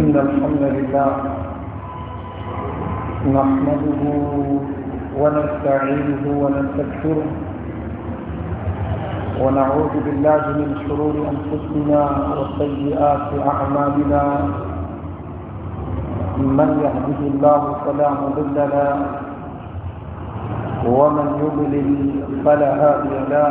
إن الحمد لله نحمده ونستعينه ونستكثره ونعوذ بالله من شرور أنفسنا وسيئات أعمالنا من يهده الله فلا مضل له ومن يضلل فلا هادي له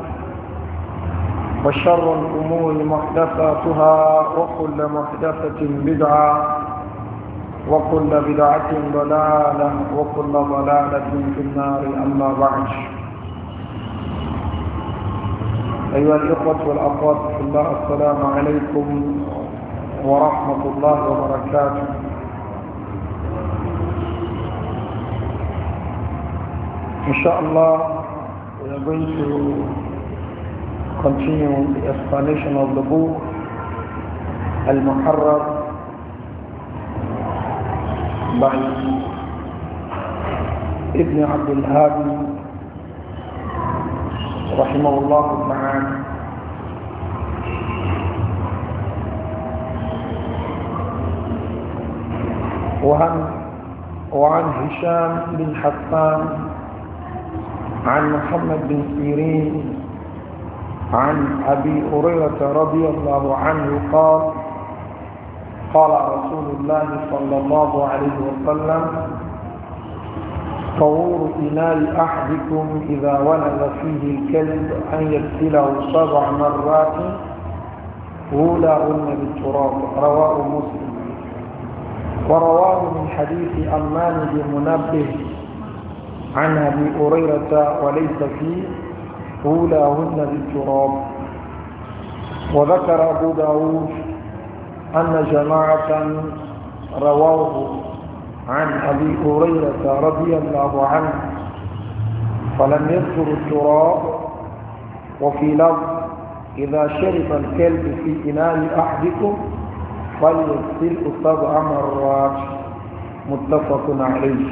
وشر الأمور محدثاتها وكل محدثة بدعة وكل بدعة ضلالة وكل ضلالة في النار أما بعد أيها الإخوة والأخوات في الله السلام عليكم ورحمة الله وبركاته إن شاء الله we are going to continue the explanation of the book Al-Muharrar by Ibn Abdul Hadi rahimahullah ta'ala وعن وعن هشام بن حسان عن محمد بن سيرين عن أبي هريرة رضي الله عنه قال قال رسول الله صلى الله عليه وسلم طور إناء أحدكم إذا ولد فيه الكلب أن يغسله سبع مرات أن بالتراب رواه مسلم ورواه من حديث أمان بن منبه عن أبي هريرة وليس فيه أولاهن بالتراب وذكر أبو داود أن جماعة رواه عن أبي هريرة رضي الله عنه فلم يذكر التراب وفي لفظ إذا شرب الكلب في إناء أحدكم فليغسله سبع مرات متفق عليه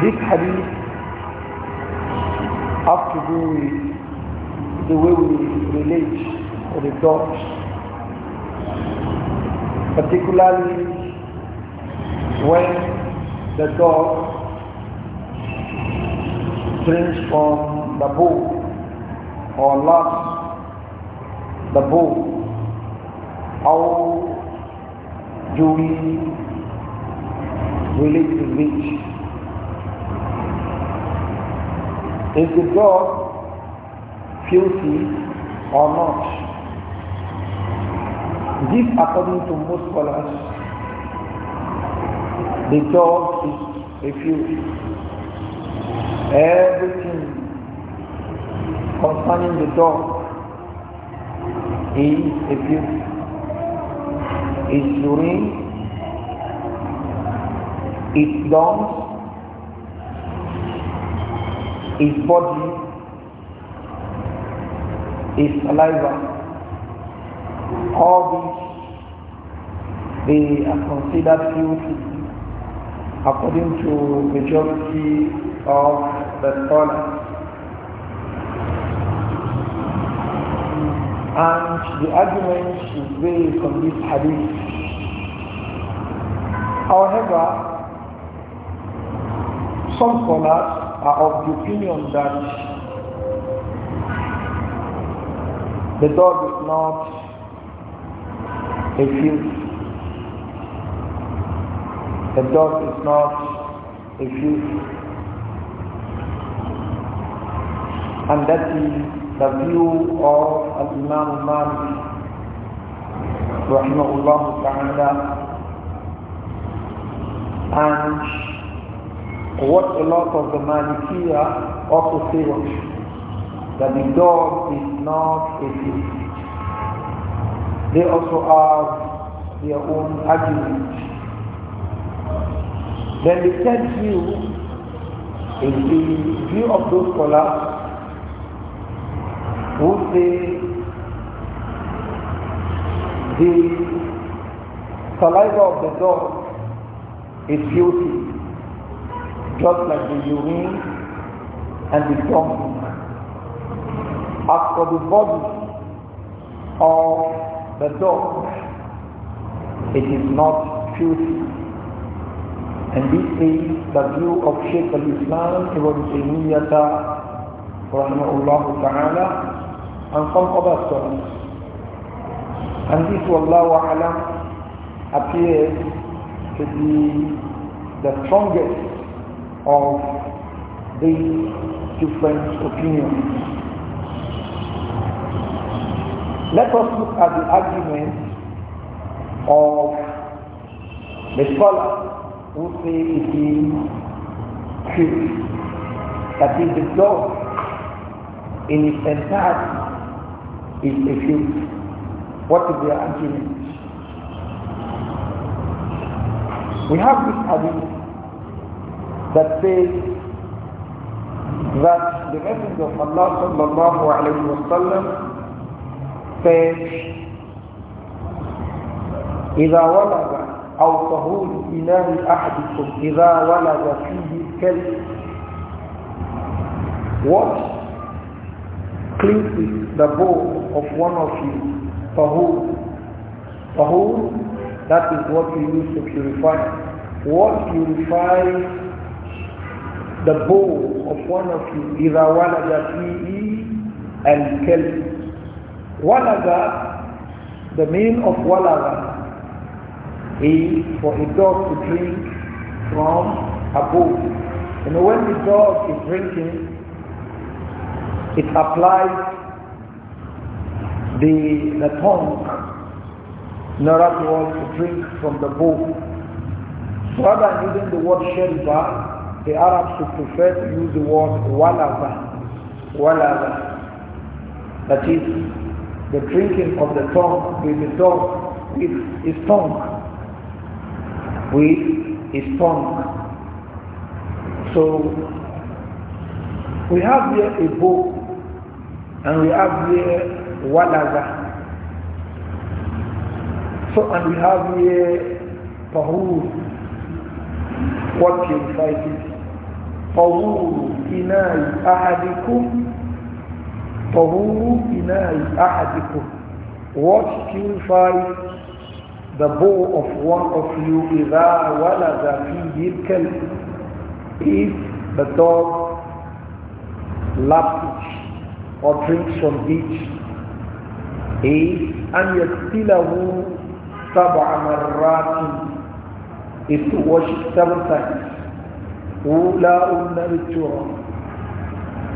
ديك حديث have to do with the way we relate with God, particularly when the dog drinks from the bowl or loves the bowl. How do we relate to it? Is the God filthy or not? This according to most scholars, the dog is refused. Everything concerning the dog is refused. Its urine, its lungs, his body, his saliva, all these they are considered filthy according to majority of the scholars. And the argument is based on this hadith. However, some scholars are of the opinion that the dog is not a field. The dog is not a field. And that is the view of imam Malik rahimahullah ta'ala and what a lot of the Malikiya also say that the dog is not a thief. They also have their own argument. Then the third view is the view of those scholars who say the saliva of the dog is filthy just like the urine and the dung. As for the body of the dog, it is not filthy. And this is the view of Shaykh al-Islam Ibn Taymiyyah rahimahullah ta'ala and some other scholars. And this Wallahu A'lam appears to be the strongest of these different opinions. Let us look at the argument of the scholar who say it is truth, that is the law in its entirety is a truth. What is their argument? We have this argument that says that the Messenger of Allah sallallahu alayhi wa sallam says إذا ولد أو طهور إناء أحدكم إذا ولد فيه الكلب What cleanses the bowl of one of you? Tahur. Tahur, that is what we use to purify. What purifies the bow of one of you إذا ولد فيه الكلب ولد the meaning of walaga is for a dog to drink from a bowl. And when the dog is drinking, it applies the, the tongue in order to drink from the bowl. rather than using the word sheriba, the Arabs would prefer to use the word walaba, walaba. That is the drinking of the tongue with the tongue, with his tongue, with his tongue. So we have here a book and we have here walaba. So and we have here Pahu. what purifies it طهور إناء أحدكم طهور إناء أحدكم what purifies the bow of one of you إذا ولد فيه الكلب if the dog laps or drinks from it is أن يغسله سبع مرات is to wash seven times أولاهن بالتراب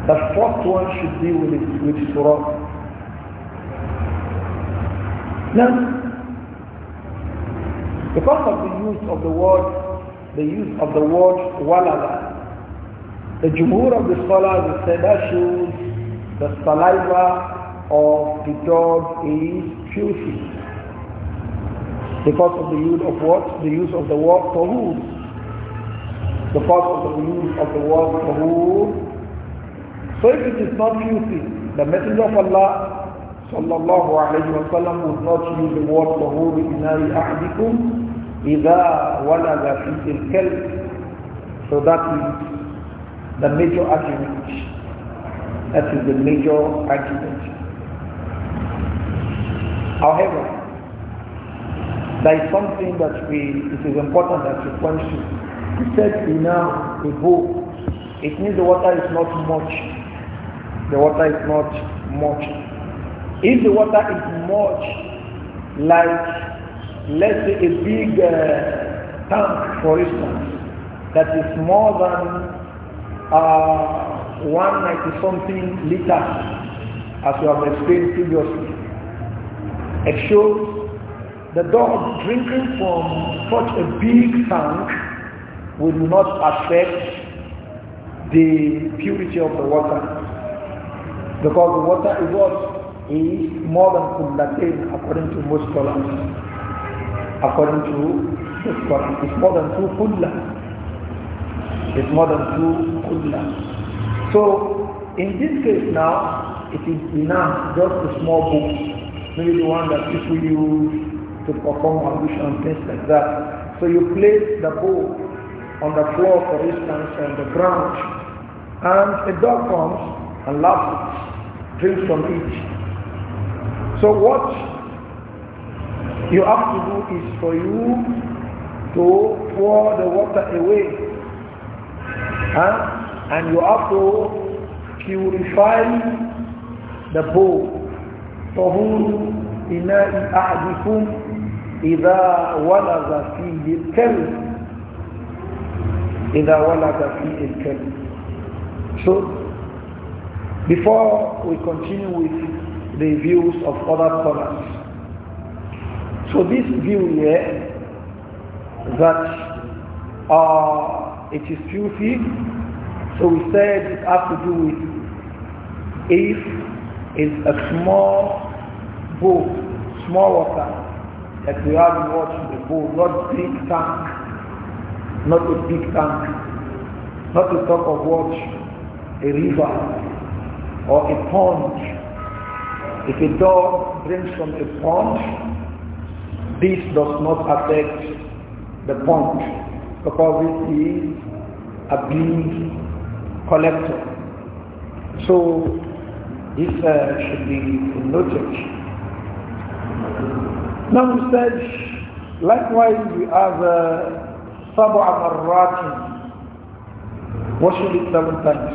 The first one should be with, it, with surah. Now, because of the use of the word, the use of the word walada, the jumhur of the scholars said that shows the saliva of the dog is juicy. Because of the use of what? The use of the word tahur the cause of the use of the word tahur. So if it is not filthy, the Messenger of Allah sallallahu alayhi wa sallam would not use the word tahur inari ahdikum idha walaga fi al So that is the major argument. That is the major argument. However, there is something that we, it is important that we point to he said, Ina, a It means the water is not much. The water is not much. If the water is much, like let's say a big uh, tank, for instance, that is more than uh, 190 something liters, as we have explained previously. It shows the dog drinking from such a big tank will not affect the purity of the water. Because the water is what? Is more than kullatain according to most scholars. According to it's more than two kulla. It's more than two kulla. So, in this case now, it is enough, just a small book, maybe the one that people use to perform ablution and things like that. So you place the bowl on the floor, for instance, and the ground, and a dog comes and laughs, drinks from it. So what you have to do is for you to pour the water away. Huh? And you have to purify the bowl. طهور إناء أحدكم إذا ولغ فيه الكلب إذا ولد فيه الكلب So before we continue with the views of other scholars so this view here that uh, it is filthy so we said it has to do with if it's a small bowl small water that we have in watched the not big tank not a big tank, not to talk of what? A river or a pond. If a dog drinks from a pond, this does not affect the pond because it is a being collector. So this uh, should be noted. Now we said, likewise we have uh, سبع مرات Worship seven times.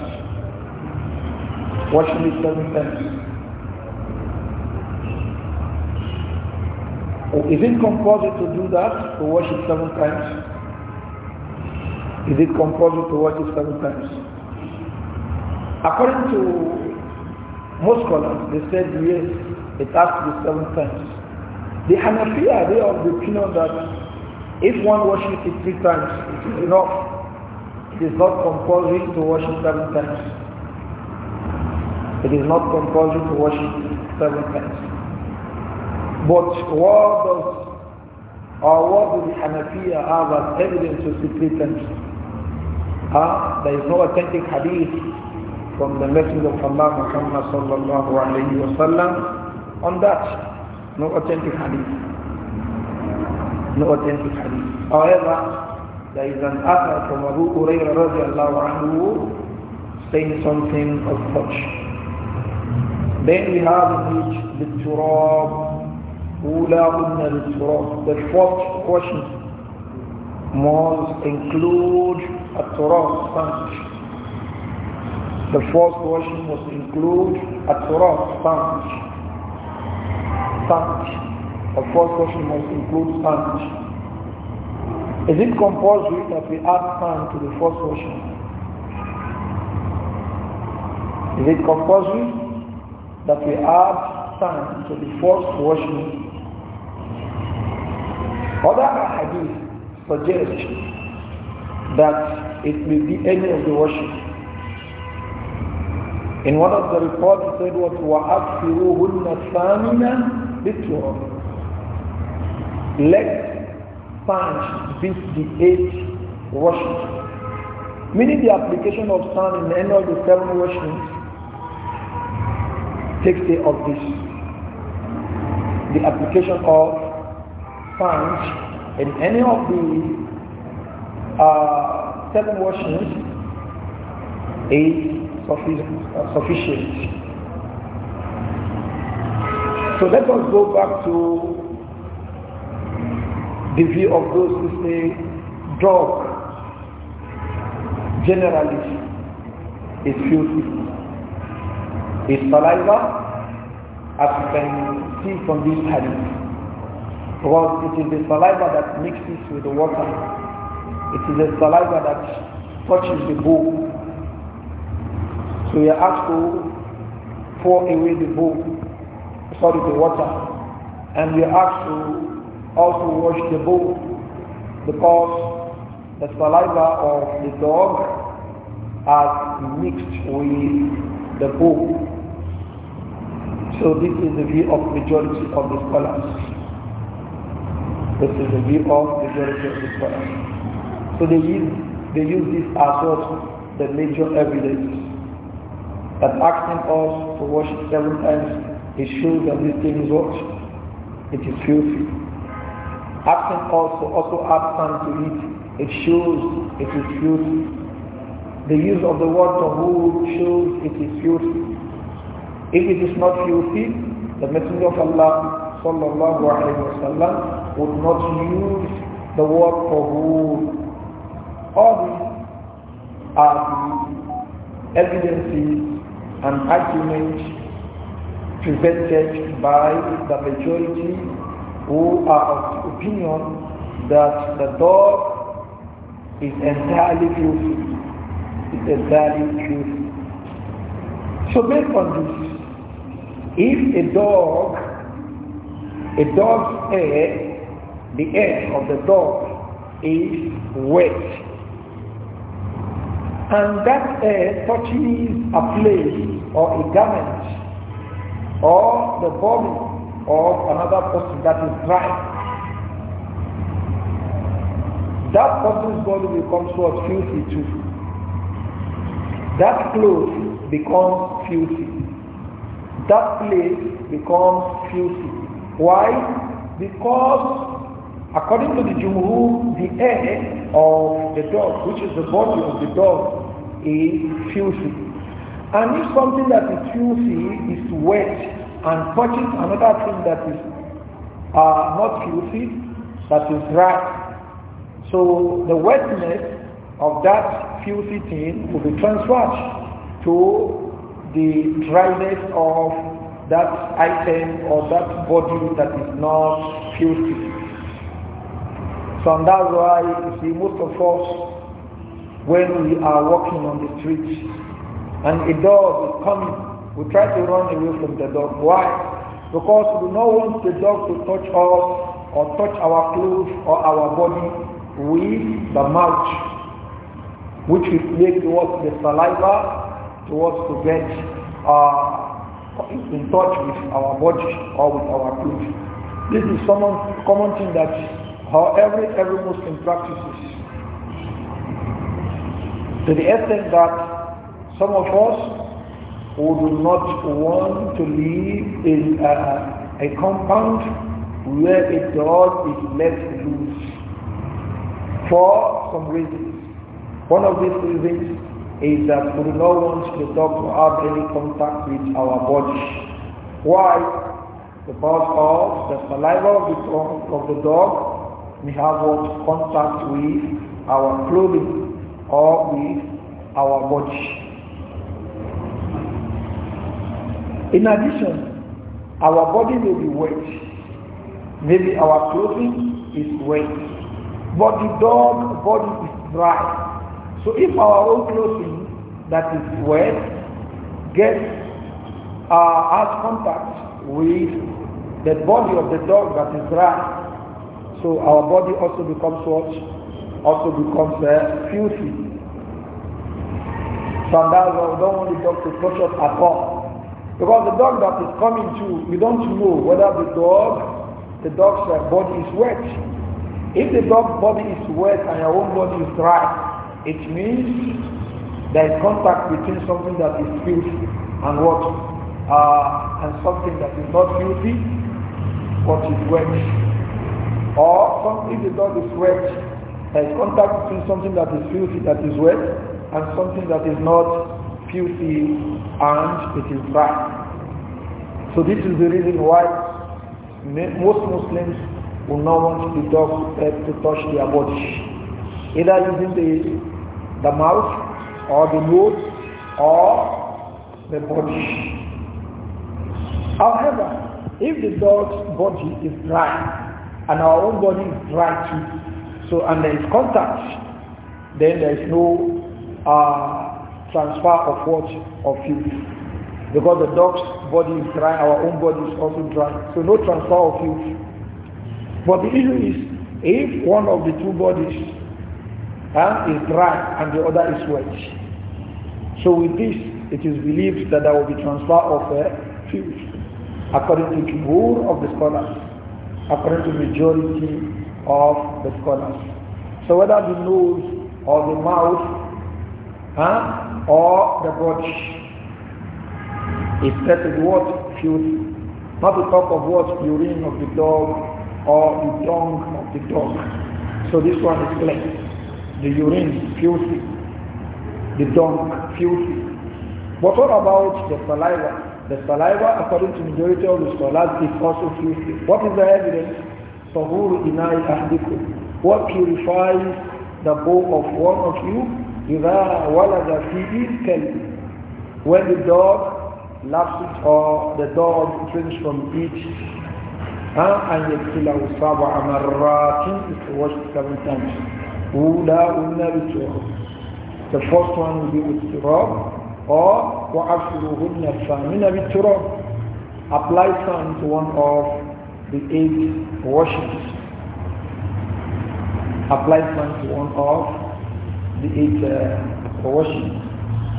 Worship seven times. is it compulsory to do that, to worship seven times? Is it compulsory to worship seven times? According to most scholars, they said yes, it has to be seven times. The Hanafiya, they are of the opinion that if one worships it three times, it is enough. It is not compulsory to worship seven times. It is not compulsory to worship seven times. But what does or what do the Hanafiya have as evidence to see three times? Huh? There is no authentic hadith from the Messenger of Allah Muhammad sallallahu alayhi wa sallam on that. No authentic hadith no authentic hadith. However, there is an other from Abu Hurairah radiallahu anhu saying something of such. Then we have which the turab, ulahunna the turab, the fourth question must include a turab sponge. The fourth question must include a turab sponge. Sponge. Of course, caution must include sand. Is it compulsory that we add sand to the first washing? Is it compulsory that we add sand to the first washing? Other hadith suggest that it may be any of the washing. In one of the reports it said what وَأَكْفِرُهُنَّ ثَامِنًا بِالتُّرَبِ let sand beat the eight washings. Meaning the application of sand in any of the seven washings takes care of this. The application of sand in any of the uh, seven washings is uh, sufficient. So let us go back to the view of those who say dog generally is filthy. Its saliva, as you can see from this hadith. Because it is the saliva that mixes with the water. It is the saliva that touches the bowl. So you have to pour away the bowl, sorry, the water. And you have to also wash the bowl because the saliva of the dog has mixed with the bowl. So this is the view of majority of the scholars. This is the view of majority of the scholars. So they use, they use this as what the major evidence that asking us to wash it seven times is shows that this thing is what? It is filthy. Absent also also absent to it, it shows it is used. The use of the word "who" shows it is used. If it is not filthy, the Messenger of Allah sallallahu alaihi wasallam would not use the word who." All these are the evidences and arguments presented by the majority who are of opinion that the dog is entirely filthy. Is entirely filthy. So based on this, if a dog, a dog's hair, the hair of the dog is wet, and that hair touches a place or a garment or the body of another person that is dry. That person's body becomes what? Filthy too. That clothes becomes filthy. That place becomes filthy. Why? Because according to the Jumhur, the air of the dog, which is the body of the dog, is filthy. And if something that is filthy is wet, and touching another thing that is uh, not filthy, that is right. So the wetness of that filthy thing will be transferred to the dryness of that item or that body that is not filthy. So that's why you see most of us when we are walking on the streets and a dog is coming we try to run away from the dog. Why? Because we do not want the dog to touch us or touch our clothes or our body with the mouth, which we make towards the saliva, towards to get uh, in touch with our body or with our clothes. This is common, common thing that how every, every Muslim practices. To the extent that some of us who do not want to live in a, a compound where a dog is let loose for some reasons. One of these reasons is that we do not want the dog to have any contact with our body. Why? Because of the saliva of the, of the dog we have what contact with our clothing or with our body. In addition, our body may be wet. Maybe our clothing is wet. But the dog body is dry. So if our own clothing that is wet gets uh, has contact with the body of the dog that is dry, so our body also becomes what? Also becomes uh, filthy. So that's why we don't want the dog to touch us at all. Because the dog that is coming to, we don't know whether the dog, the dog's uh, body is wet. If the dog's body is wet and your own body is dry, it means there is contact between something that is filthy and what, uh, and something that is not filthy, but is wet. Or some, if the dog is wet, there is contact between something that is filthy, that is wet, and something that is not filthy, and it is bad. So this is the reason why most Muslims will not want the dog uh, eh, to touch their body, either using the, the mouth or the nose or the body. However, if the dog's body is dry and our own body is dry too, so and there is contact, then there is no uh, transfer of what? Of filth. Because the dog's body is dry, our own body is also dry. So no transfer of filth. But the issue is, if one of the two bodies huh, is dry and the other is wet, so with this, it is believed that there will be transfer of uh, filth, according to the rule of the scholars, according to majority of the scholars. So whether the nose or the mouth huh, or the body. if that is what? Filthy. Not to talk of what? Urine of the dog or the tongue of the dog. So this one is clear. The urine, filthy. The tongue filthy. But what about the saliva? The saliva, according to majority of the scholars, is also filthy. What is the evidence? Tahur inai ahdikum. What purifies the bow of one of you إذا ولد فيه كلب when the dog it or the dog drinks from each أن يبتله سبع مرات it washed seven times أولاهن بالتراب the first one will be with turab or وعشرهن الثامن بالتراب apply sand to one of the eight washes apply sand to one of the eight uh, for washing.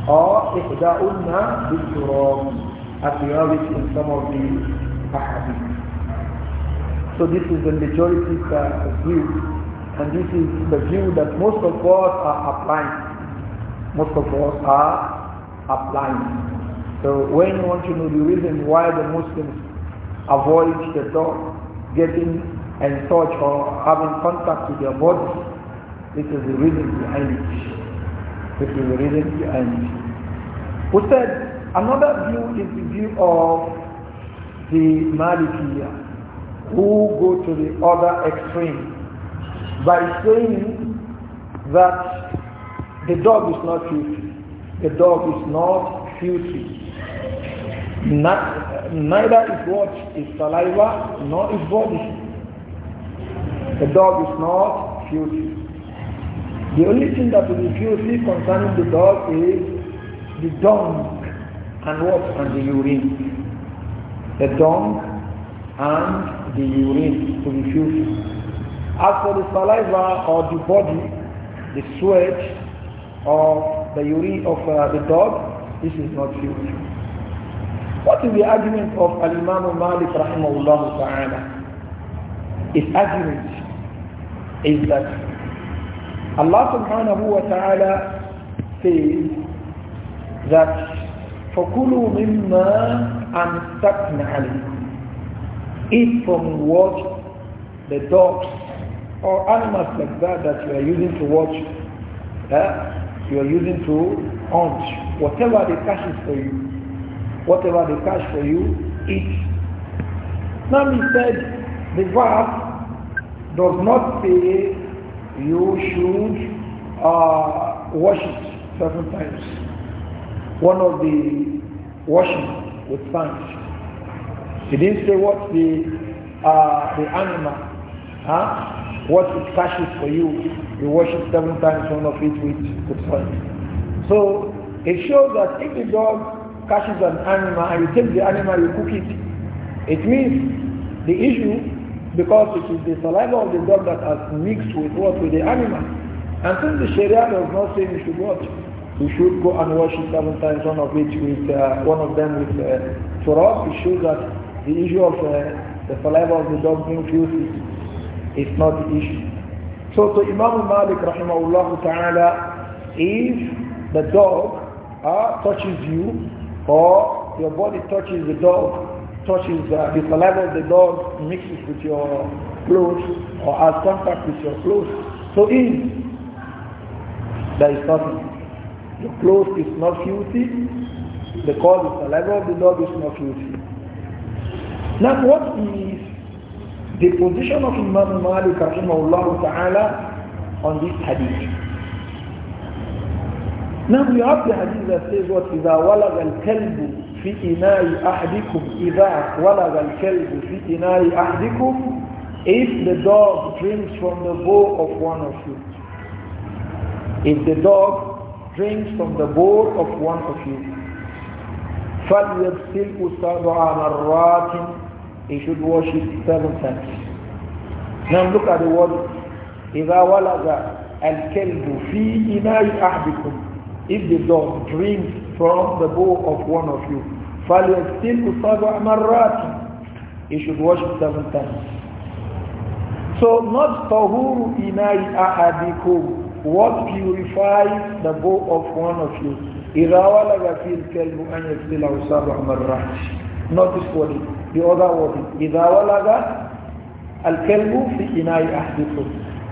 Or إِحْدَاؤُنَّا بِالْتُرَابِ as the have in some of the ahadith. So this is the majority uh, view and this is the view that most of us are applying. Most of us are applying. So when you want to know the reason why the Muslims avoid the dog getting in touch or having contact with their body, this is the reason behind it. This is the reason behind it. Who said another view is the view of the Malikiya who go to the other extreme by saying that the dog is not filthy. The dog is not filthy. neither is what is saliva nor is body. The dog is not filthy. The only thing that will refuse me concerning the dog is the dung and what? And the urine. The dung and the urine to refuse. As for the saliva or the body, the sweat or the urine of uh, the dog, this is not used. What is the argument of Al-Imam Malik rahimahullah ta'ala? His argument is that Allah subhanahu wa ta'ala says that فَكُلُوا مِمَّا أَمْسَكْنَ عَلَيْكُمْ Eat from what the dogs or animals like that that you are using to watch, eh, you are using to hunt, whatever they catch is for you, whatever they catch for you, eat. Now he said the verse does not say you should uh, wash it seven times. One of the washing with thanks. He didn't say what the uh, the animal, huh? What it catches for you, you wash it seven times. One of it with with thanks. So it shows that if the dog catches an animal and you take the animal, you cook it. It means the issue because it is the saliva of the dog that has mixed with what with the animal. And since the Sharia does not say you should wash, you should go and wash it seven times, one of which with uh, one of them with uh, it shows that the issue of uh, the saliva of the dog being used is, is not the issue. So to Imam Malik rahimahullah ta'ala, if the dog uh, touches you or your body touches the dog, touches uh, the saliva of the dog mixes with your clothes or has contact with your clothes. So in there is nothing. The clothes is not filthy because the saliva of the dog is not filthy. Now what is the position of Imam Malik rahimahullah ta'ala on this hadith? Now we have the hadith that says what is our wala al-kalbu في إناء أحدكم إذا ولد الكلب في إناء أحدكم if the dog drinks from the bowl of one of you if the dog drinks from the bowl of one of you فليغسله سبع مرات he should wash it seven times now look at the word إذا ولد الكلب في إناء أحدكم if the dog drinks from the bowl of one of you falyastimu sab'a marrat he should wash it seven times so not tahuru inai ahadikum what purifies the bowl of one of you irawa la gafil kalbu an yaghsila sab'a marrat not this body the other body idawa la al kalbu fi inai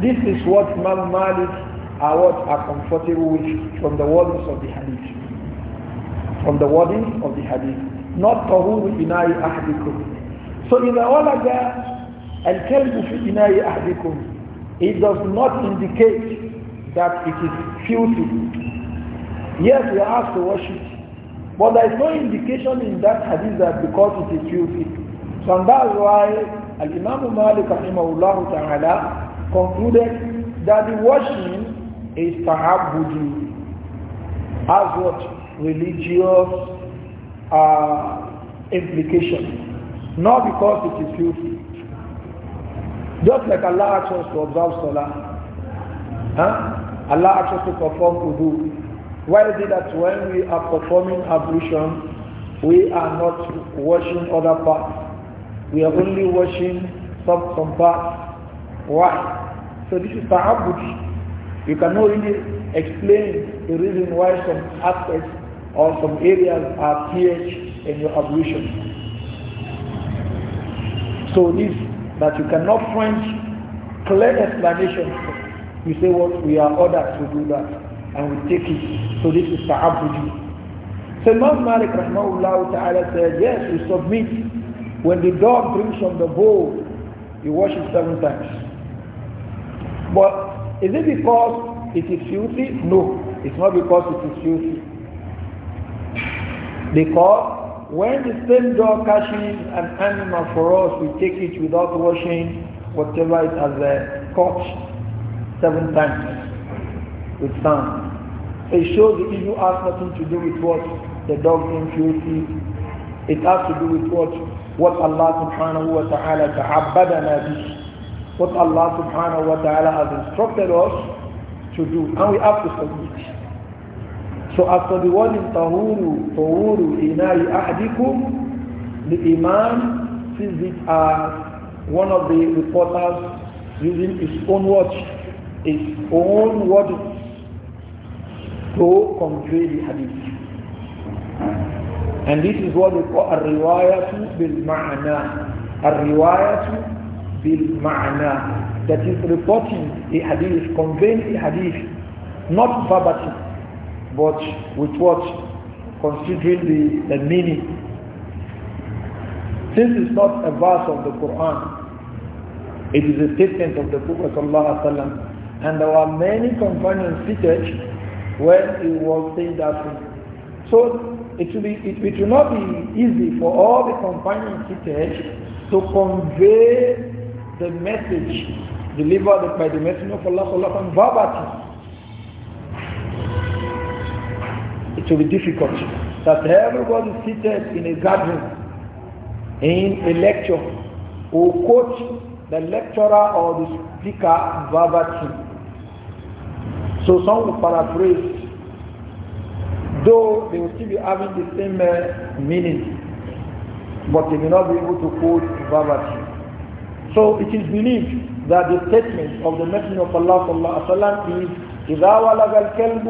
this is what mal malik are what are comfortable with from the wordings of the hadith. From the wordings of the hadith. Not tahuru ina'i ahdikum. So in the olaga al-kalbu fi ina'i ahdikum. It does not indicate that it is filthy. Yes, we are asked to wash it. But there is no indication in that hadith that because it is filthy. So that's why Al-Imam Malik rahimahullah ta'ala concluded that the washing is ta'abudu has what religious uh, implication not because it is filthy just like Allah asks us to observe salah huh? Allah asks us to perform wudu why is it that when we are performing ablution we are not washing other parts we are only washing some, some parts why so this is ta'abud you cannot really explain the reason why some aspects or some areas are pH in your ablution. So this that you cannot find clear explanation. You say what we are ordered to do that and we take it. So this is ta'abudu. So Imam Malik rahmahullah ta'ala said, yes, we submit. When the dog drinks from the bowl, he washes seven times. But is it because it is filthy? No, it's not because it is filthy. Because when the same dog catches an animal for us, we take it without washing whatever it has uh, caught seven times with sand. it shows the evil has nothing to do with what the dog impurity. It has to do with what what Allah subhanahu wa ta'ala ta'abbadana bih what Allah subhanahu wa ta'ala has instructed us to do and we have to submit. So after the word in Tahuru, Tahuru Inari Ahdikum, the Imam sees it as one of the reporters using his own watch, his own words to convey the hadith. And this is what we call a riwayatu bil a riwayatu bil ma'ana that is reporting a hadith, conveying a hadith, not verbatim, but with what? Considering the, the meaning. This is not a verse of the Quran, it is a statement of the Prophet ﷺ. And there were many companions seated when he was saying that thing. So it will, be, it, it will not be easy for all the companions seated to convey the message delivered by the Messenger of Allah sallallahu verbatim. It will be difficult that everybody seated in a garden, in a lecture, will quote the lecturer or the speaker verbatim. So some will paraphrase, though they will still be having the same uh, meaning, but they may not be able to quote verbatim. So it is believed that the statement of the Messenger of Allah sallallahu alaihi wasallam is إذا ولغ الكلب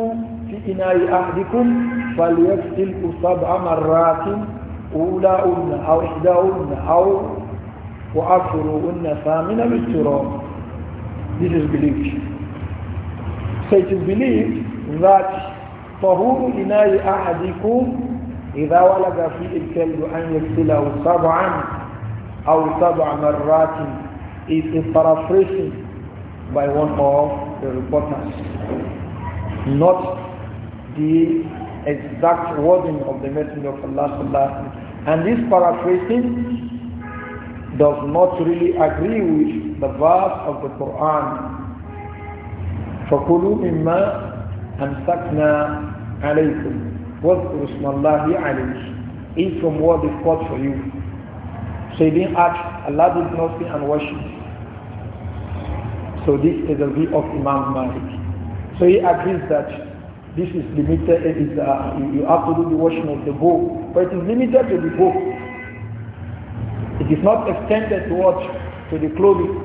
في إناء أحدكم فليغسله سبع مرات أولاهن أو إحداهن أو وآخرهن ثامنا بالتراب. This is believed. So it is believed that طهور إناء أحدكم إذا ولغ في الكلب أن يغسله سبعا أو سبع مرات is a paraphrasing by one of the reporters, not the exact wording of the Messenger of Allah. And this paraphrasing does not really agree with the verse of the Quran. فَكُلُوا مِمَّا أَمْسَكْنَا عَلَيْكُمْ وَاذْكُرُوا اسْمَ اللَّهِ عَلَيْهِ is from what is called for you. So he didn't ask, Allah did not see and worship. So this is the view of Imam Malik. So he agrees that this is limited, it is, uh, you have to do the washing of the bowl, but it is limited to the bowl. It is not extended to what? To the clothing.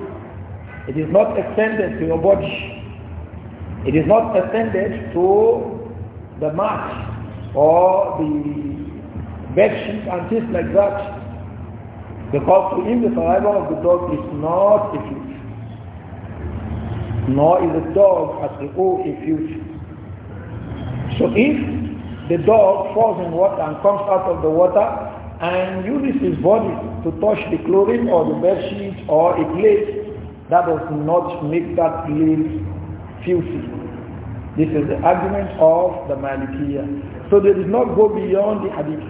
It is not extended to your body. It is not extended to the mat or the bed sheet and things like that. Because to him the survival of the dog is not a future. Nor is the dog as a whole a future. So if the dog falls in water and comes out of the water and uses his body to touch the clothing or the bed sheet or a plate, that does not make that place filthy. This is the argument of the Malikiya. So they not go beyond the hadith.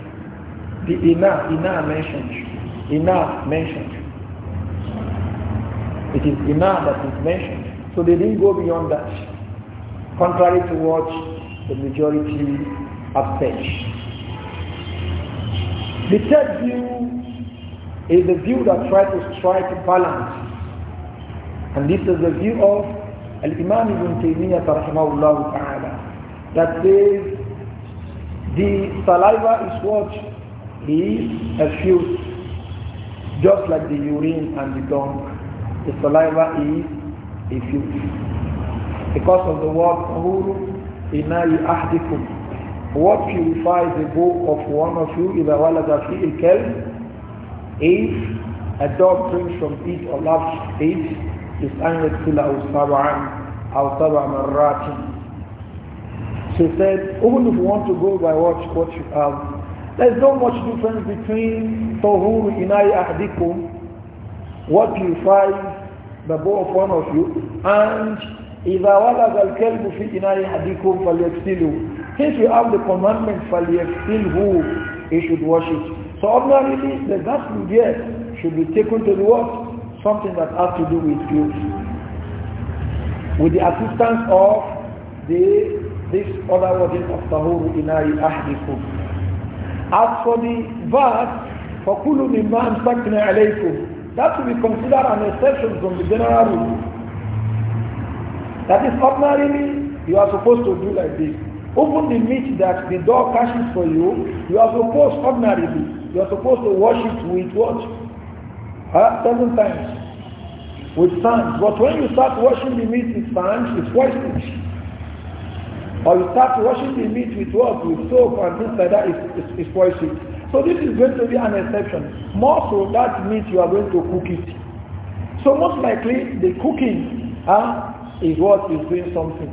The Ina, Ina mentioned. Ina mentioned. It is Ina that is mentioned. So they didn't go beyond that. Contrary to what the majority have said. The third view is the view that tries to strike a balance. And this is the view of Al-Imam Ibn Taymiyyah rahimahullah ta'ala that says the saliva is what is a fuse just like the urine and the dung, the saliva is a filth. Because of the word tahuru, inayi ahdikum. What purifies the book of one of you is that he is ilkel. If a dog drinks from it or loves it, is an yatkulahu sab'an aw sab'a marratin. So She said, even if you want to go by what, what you have, there's not much difference between Tahur Inai Ahdikum, what you find the bow of one of you, and إذا ولد الكلب في إناء أحدكم فليغسله. Since we have the commandment فليغسله, he should wash it. So ordinarily the ghastly yes should be taken to the what? Something that has to do with you. With the assistance of the this other wording of Tahur Inai Ahdikum. As for the verse, فَكُلُوا مِمَّا أَمْسَكْنَا عَلَيْكُمْ That will be considered an exception from the general rule. That is ordinarily, you are supposed to do like this. Open the meat that the dog catches for you, you are supposed ordinarily, you are supposed to wash it with what? Huh? Seven times. With sand. But when you start washing the meat with sand, it's wasted. Or you start washing the meat with what? With soap and things like that is, is, poisonous. So this is going to be an exception. More so that meat you are going to cook it. So most likely the cooking uh, is what is doing something.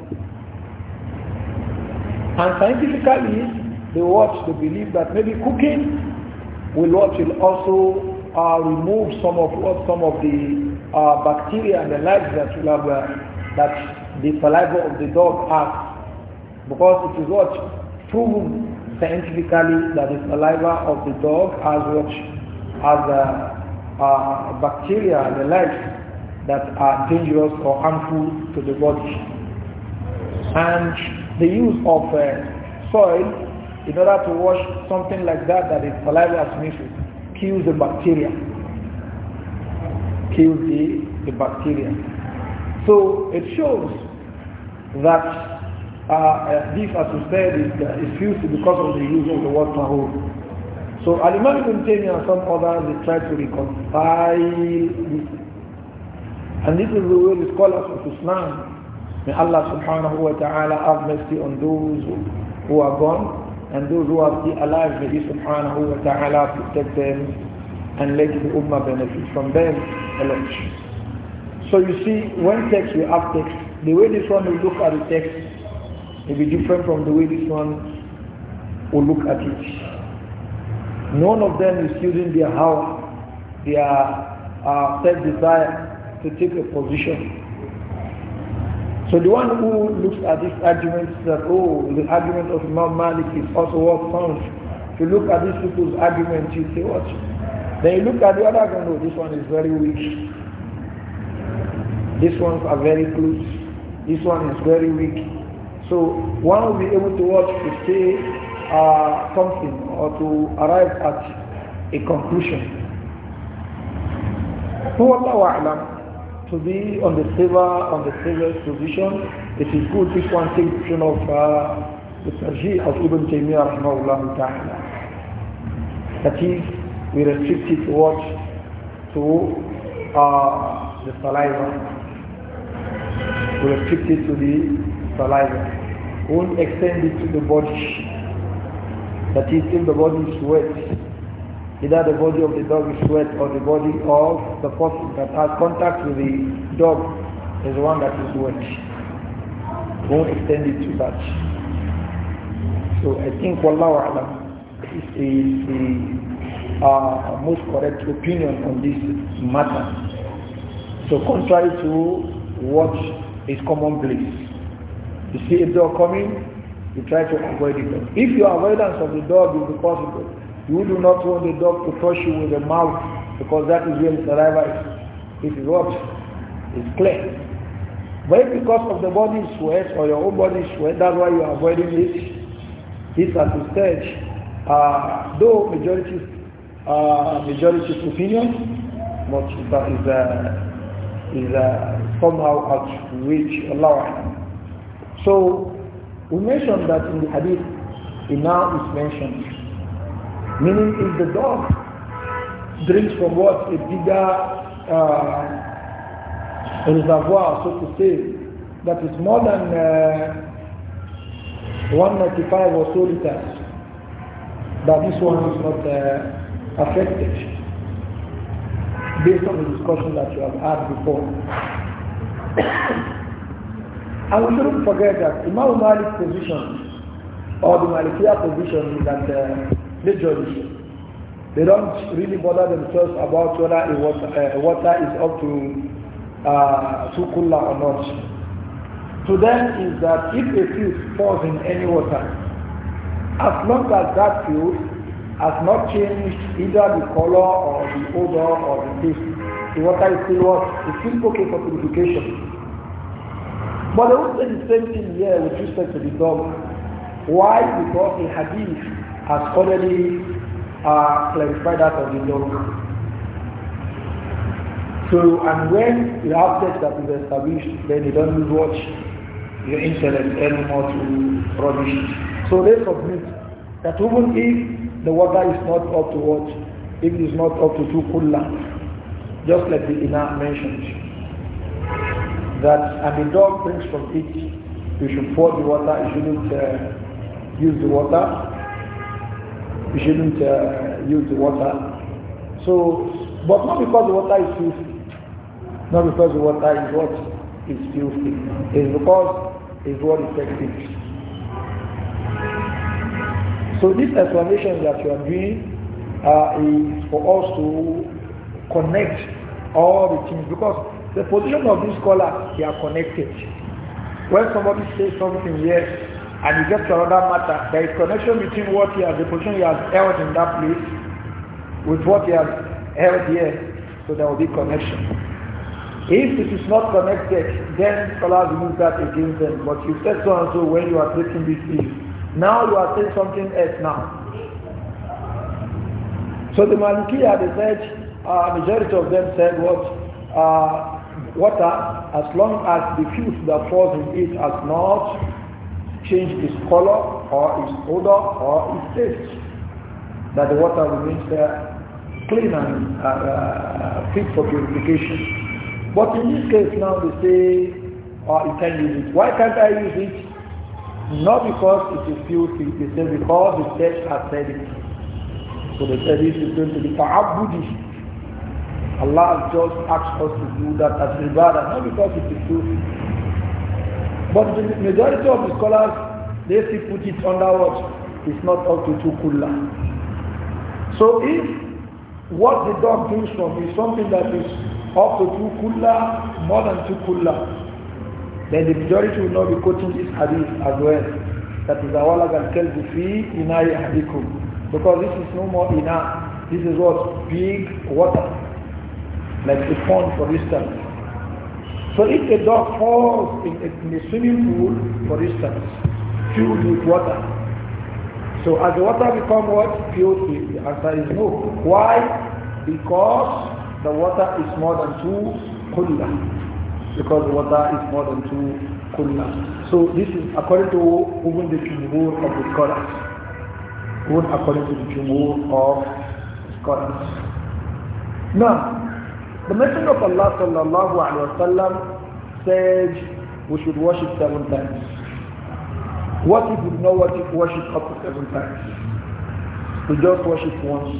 And scientifically, they watch, they believe that maybe cooking will watch will also uh, remove some of what some of the uh, bacteria and the life that will have uh, that the saliva of the dog has. Because it is what? Proven scientifically that the saliva of the dog has what? Has a, uh, a uh, bacteria and the like that are dangerous or harmful to the body. And the use of uh, soil in order to wash something like that that is saliva as mixed kills the bacteria. Kills the, the bacteria. So it shows that uh, uh, this, as we said, is, uh, is because of the use of the word tahur. So Al-Imam Ibn Taymiyyah and some others, they try to reconcile this. And this is the way the scholars of Islam, may Allah subhanahu wa ta'ala have mercy on those who are gone and those who are still alive, may He subhanahu wa ta'ala protect them and let the ummah benefit from them alone. So you see, when text, we have text. The way this one will look at the text may be different from the way this one will look at it. None of them is using their house, their uh, self-desire to take a position. So the one who looks at this argument that, oh, the argument of Imam Malik is also what sounds. If you look at these people's argument, you say what? Then you look at the other one, oh, this one is very weak. These ones are very close. This one is very weak so one will be able to watch to say uh, something or to arrive at a conclusion. Who Allah to be on the favor on the favor position, it is good if one takes position of uh, the Tarjih of Ibn Taymiyyah ta'ala. That is, we restrict it to watch To uh, the saliva. We restrict it to the saliva won't extend it to the body. That is, if the body is wet, either the body of the dog is wet or the body of the person that has contact with the dog is the one that is wet. Won't extend it to that. So I think Wallahu Alam is the, the uh, most correct opinion on this matter. So contrary to what is common belief. You see a are coming, you try to avoid it. If your avoidance of the dog will be possible, you do not want the dog to touch you with the mouth because that is where the saliva is. It is what? It's clear. But because of the body sweat or your own body sweat, that's why you are avoiding it, It's at the stage, uh, though majority, uh, majority's opinion, but that is, uh, is uh, somehow at which line. So we mentioned that in the hadith, it now is mentioned. Meaning if the dog drinks from what? A bigger uh, reservoir, so to say, that is more than uh, 195 or so liters, that this one is not uh, affected based on the discussion that you have had before. And we shouldn't forget that Imam Malik's position or the Malikiya position is that uh, they judge. They don't really bother themselves about whether a water, uh, water is up to uh, kula or not. To them is that if a field falls in any water, as long as that field has not changed either the color or the odor or the taste, the water is still what? It's still okay for purification. But they will say the same thing here with respect to the dog. Why? Because the hadith has already uh, clarified that of the dog. So, and when you have that is established, then you don't use watch your intellect anymore to rubbish. So they submit that even if the water is not up to watch, if it is not up to two kullah, just like the Ina mentioned, that and the dog drinks from it, you should pour the water, you shouldn't uh, use the water, you shouldn't uh, use the water. So, but not because the water is filthy, not because the water is what is filthy, it's because it's what is effective. So this explanation that you are doing uh, is for us to connect all the things because the position of these scholars, they are connected. When somebody says something, yes, and you get to another matter, there is connection between what he has, the position he has held in that place, with what he has held here, so there will be connection. If it is not connected, then scholars use that against them. But you said so and so when you are taking this leave. Now you are saying something else now. So the Malikiya, they said, uh, majority of them said what? Uh, water as long as the fuel that falls in it has not changed its color or its odor or its taste. That the water remains clean and uh, uh, fit for purification. But in this case now they say, oh, you can use it. Why can't I use it? Not because it is filthy, they say because the church has said it. So they said this is going to be Allah just asked us to do that as ibadah, not because it is true. But the majority of the scholars, they see put it under what? It's not up to tukullah. So if what the dog drinks from is something that is up to tukullah, more than tukullah, then the majority will not be quoting this hadith as well. That is awalak al-kelbu fi inayi hadikum. Because this is no more ina. This is what? Big water like a pond for instance. So if a dog falls in a, in a swimming pool, for instance, filled with water, so as the water becomes what? Filled with, the answer is no. Why? Because the water is more than two kulla. Because the water is more than two kulla. So this is according to even the jumhur of the scholars. Even according to the jumhur of the scholars. Now, the Messenger of Allah sallallahu Wa wasallam said we should worship seven times. What if we know what if worship up to seven times? We just worship once.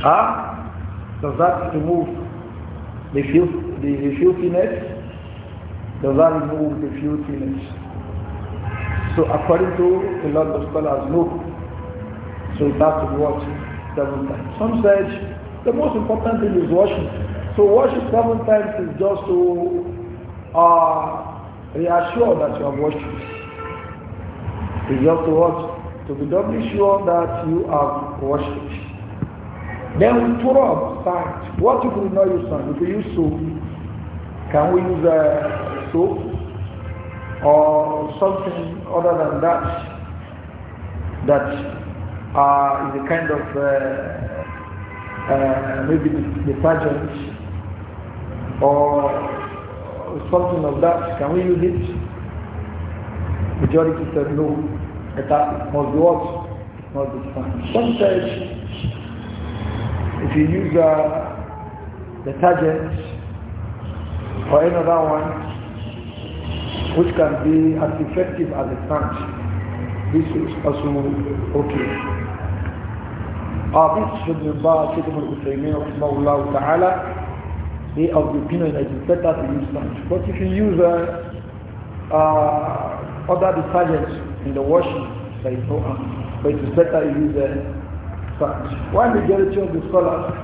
Ah, huh? Does that remove the, filth, the, the filthiness? Does that remove the filthiness? So according to a lot of scholars, no. So that is what seven times. Some said the most important thing is washing. So washing seven times is just to uh, reassure that you have washed. It's just to watch, to be doubly sure that you have washed Then we put up What if we not use sand? If we use soap, can we use uh, soap or something other than that? That uh, is a kind of uh, uh, maybe detergent or something of that, can we use it? Majority said no. It must be what? not the be Sometimes, if you use uh, detergent or another one, which can be as effective as the sand, this is also okay. Uh, this should be about Sheikh Ibn Uthaymeen rahimahullah ta'ala. He of the opinion that it's better to use sponge. But if you use uh, uh, other detergents in the washing, say so on, but it's better to use uh, sponge. Why majority of the scholars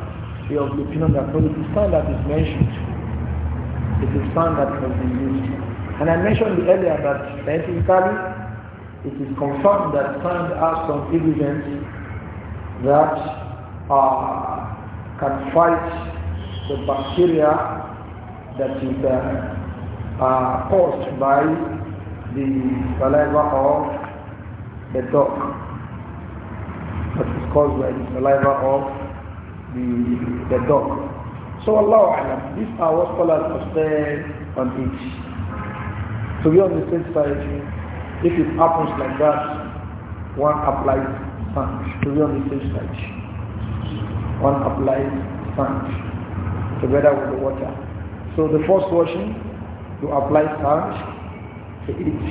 they of the opinion that no, the sand that is mentioned. It is sand that has been used. And I mentioned earlier that basically it is confirmed that sand has some evidence that uh, can fight the bacteria that is uh, uh, caused by the saliva of the dog that is caused by the saliva of the, the dog. So Allah Alam, these are what scholars have said on each. To be on the same side, if it happens like that, one applies to be on the safe side. One applies sand together with the water. So the first washing, you apply sand to each.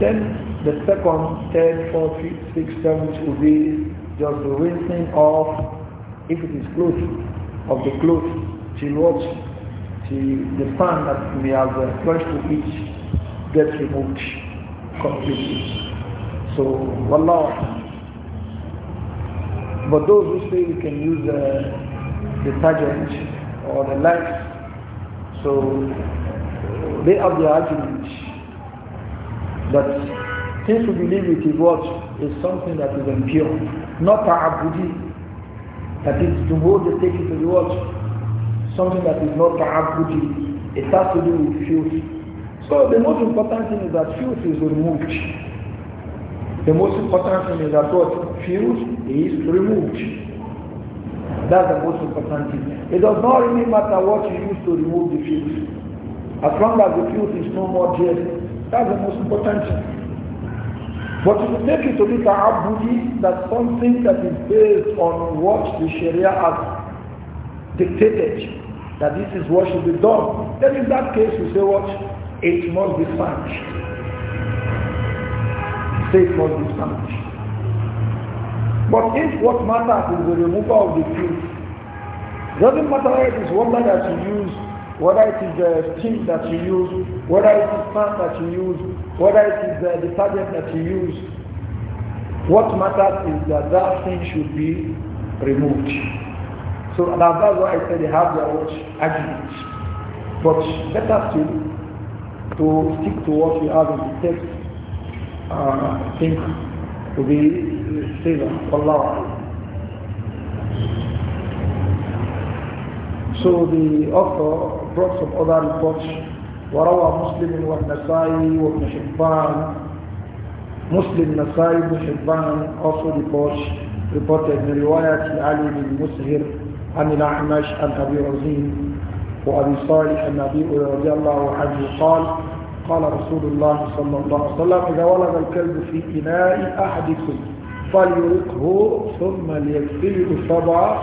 Then the second, third, fourth, fifth, sixth, seventh will be just the rinsing off, if it is clothes, of the clothes to wash to the sand that may have flushed uh, to each gets removed completely. So, Wallahu but those who say we can use uh, the detergent or the lye, so they have the argument that since we believe it is what is something that is impure, not ta'abudi, that is to hold the take it to the watch, something that is not ta'abudi, it has to do with fuel. So the most important thing is that fuel is removed. The most important thing is that what fuse is removed. That's the most important thing. It does not really matter what you use to remove the fuse. As long as the fuse is no more there, that's the most important thing. But if you take it to be ta'abudi, that's something that is based on what the Sharia has dictated, that this is what should be done, then in that case you say what? It must be sanctioned must be But if what matters is the removal of the thing. doesn't matter whether it's water that you use, whether it is the uh, steam that you use, whether it is sand that you use, whether it is the uh, detergent that you use, what matters is that that thing should be removed. So that's why I said they have their own arguments. But better still to stick to what we have in the text uh, think to be for Allah. So the author brought some other reports. Warawa Muslim in Wat Nasai, Wat Nashibban, Muslim Nasai, Nashibban, also reports, reported in Riwayat Ali bin Musahir, Amil Ahmash, and Abi Razim, وأبي صالح النبي رضي الله عنه قال قال رسول الله صلى الله عليه وسلم إذا ولد الكلب في إناء أحدكم فليرقه ثم ليكفيه سبع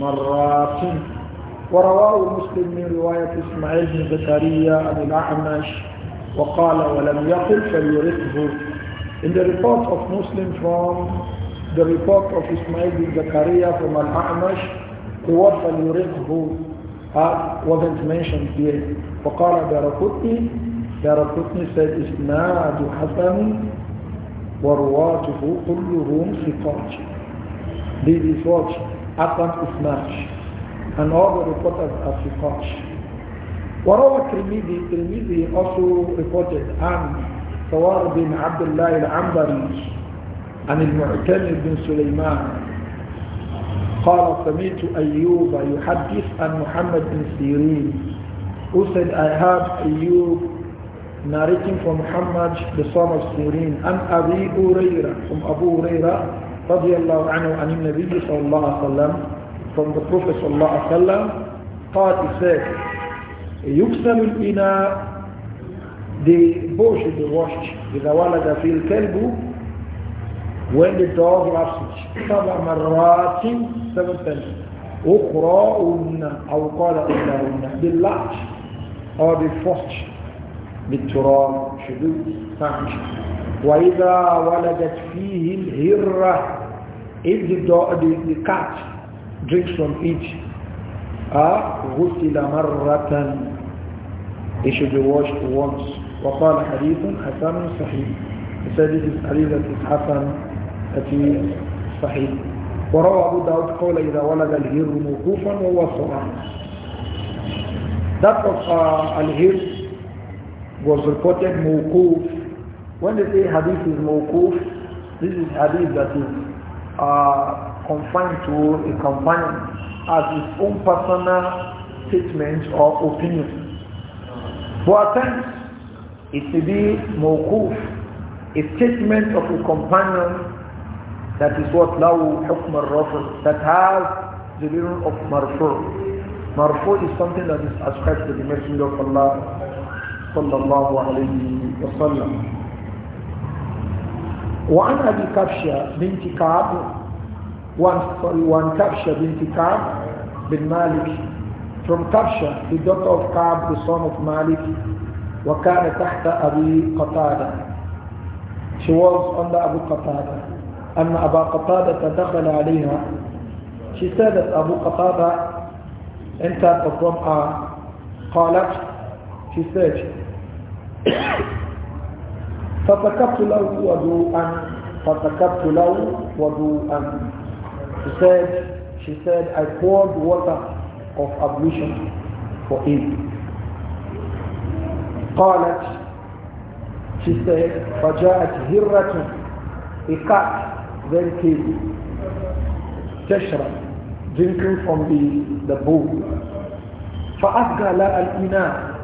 مرات ورواه مسلم من رواية إسماعيل بن زكريا عن الأعمش وقال ولم يقل فليرقه In the report of Muslim from the report of Ismail bin Zakaria from Al-A'mash, the word فليرقه uh, wasn't mentioned here. وقال دارقطني Daraqutni said Isnadu Hasan Warwatuhu Kulluhum Siqaj. This is what Hasan Isnaj. And all the reporters are Siqaj. وروى الترمذي الترمذي also reported عن ثوار بن عبد الله العنبري عن المعتمر بن سليمان قال سمعت أيوب يحدث عن محمد بن سيرين who said I have Ayub narrating from Muhammad, the son of Sirin, and Abi Huraira, from Abu Huraira, radiallahu anhu, and in Nabi sallallahu alayhi wa sallam, from the Prophet صلى الله عليه وسلم قال said, يُكسل الإناء The bowl should be washed. إذا ولد في الكلب when the dog loves it. سبع مرات seven times. أخراهن أو قال إلهن بالله last or the first بالتراب شدود فهمش وإذا ولدت فيه الهرة if the, لكات cat drinks from it آه، غسل مرة it should be washed once وقال حديث حسن صحيح he said this is حديث حسن صحيح وروى أبو داود قول إذا ولد الهر موقوفا ووصرا that was uh, آه، الهر was reported mawquf. When they say hadith is mawquf, this is hadith that is uh, confined to a companion as his own personal statement or opinion. But at times, it may be mawquf, a statement of a companion that is what lau hukm al that has the meaning of marfu. Marfu is something that is ascribed to the Messenger of Allah صلى الله عليه وسلم وعن أبي كبشة بنت كعب وعن كبشة بنت كعب بن مالك from كبشة the daughter of كعب the son of مالك وكان تحت أبي قتادة she was under أبو قتادة أن أبا قتادة دخل عليها she said that أبو قتادة entered the قالت she said فَتَكَبْتُ لَهُ وَضُوءًا فَتَكَبْتُ She said, she said, I poured water of ablution for him. قالت she said فجاءت هرة a cat then came تشرب drinking from the, the bowl فأفقى لها الإناء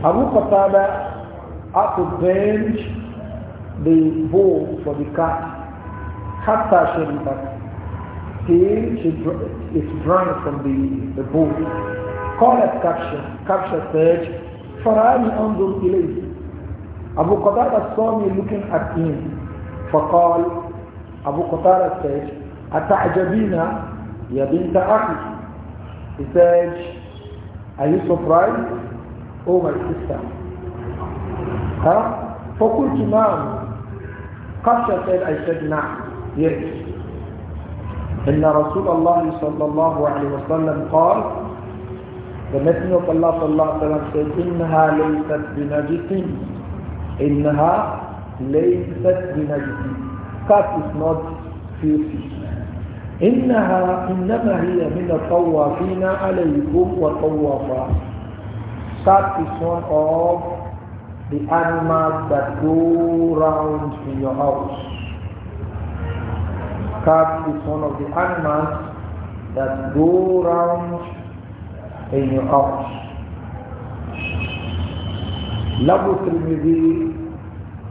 Abu Qatada had to bend the bow for the cat حتى شربت till she, it from the, the bowl. قالت كبشة كبشة said فرأني the إليه Abu قتادة saw me looking at him فقال أبو قتادة said أتعجبين يا بنت he said are you surprised over system ها فقلت نعم قفشة said اي said نعم yes إن رسول الله صلى الله عليه وسلم قال The Messenger of صلى الله عليه وسلم said إنها ليست بنجس إنها ليست بنجس That is not filthy إنها إنما هي من الطوافين عليكم وطوافات Sat is one of the animals that go round in your house. Cat is one of the animals that go round in your house. لفظ الترمذي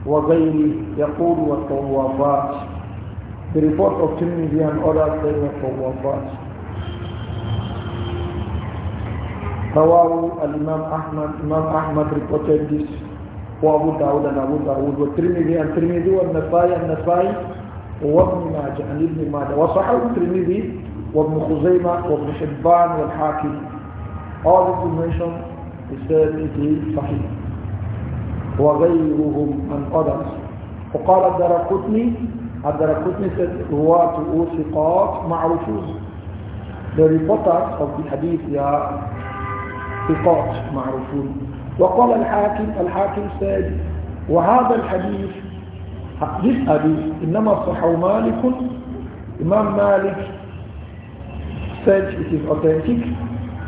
وغيره يقول والطوافات The report of Tirmidhi and others say والطوافات رواه الإمام أحمد الإمام أحمد reported وأبو داود and أبو داود والترمذي and الترمذي والنسائي النسائي وابن ماجه عن ابن ماجه وصححه الترمذي وابن خزيمة وابن حبان والحاكم all information is said it is صحيح وغيرهم and others وقال الدرقطني الدرقطني said رواة أوثقات معروفون the reporters of the hadith they are ثقات معروفون وقال الحاكم الحاكم said وهذا الحديث this hadith إنما صحه مالك Imam Malik said it is authentic